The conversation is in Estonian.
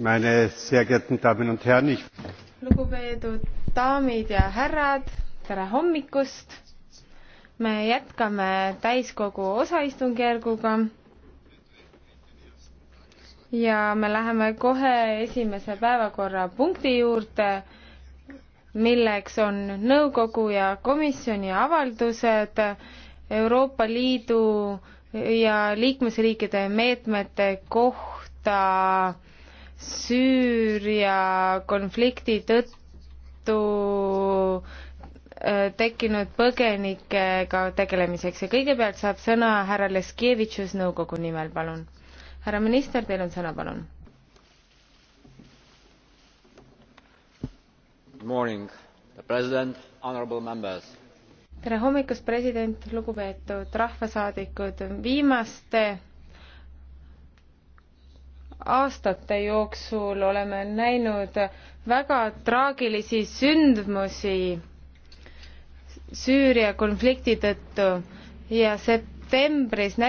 meine sehr geehrten Damen und Herren, ich lugupeetud daamid ja härrad, tere hommikust! me jätkame täiskogu osaistungjärguga. ja me läheme kohe esimese päevakorrapunkti juurde, milleks on nõukogu ja komisjoni avaldused Euroopa Liidu ja liikmesriikide meetmete kohta Süüria konflikti tõttu äh, tekkinud põgenikega tegelemiseks ja kõigepealt saab sõna härra Leskevitšus nõukogu nimel, palun. härra minister, teil on sõna, palun. tere hommikust, president, lugupeetud rahvasaadikud, viimaste aastate jooksul oleme näinud väga traagilisi sündmusi Süüria konflikti tõttu ja septembris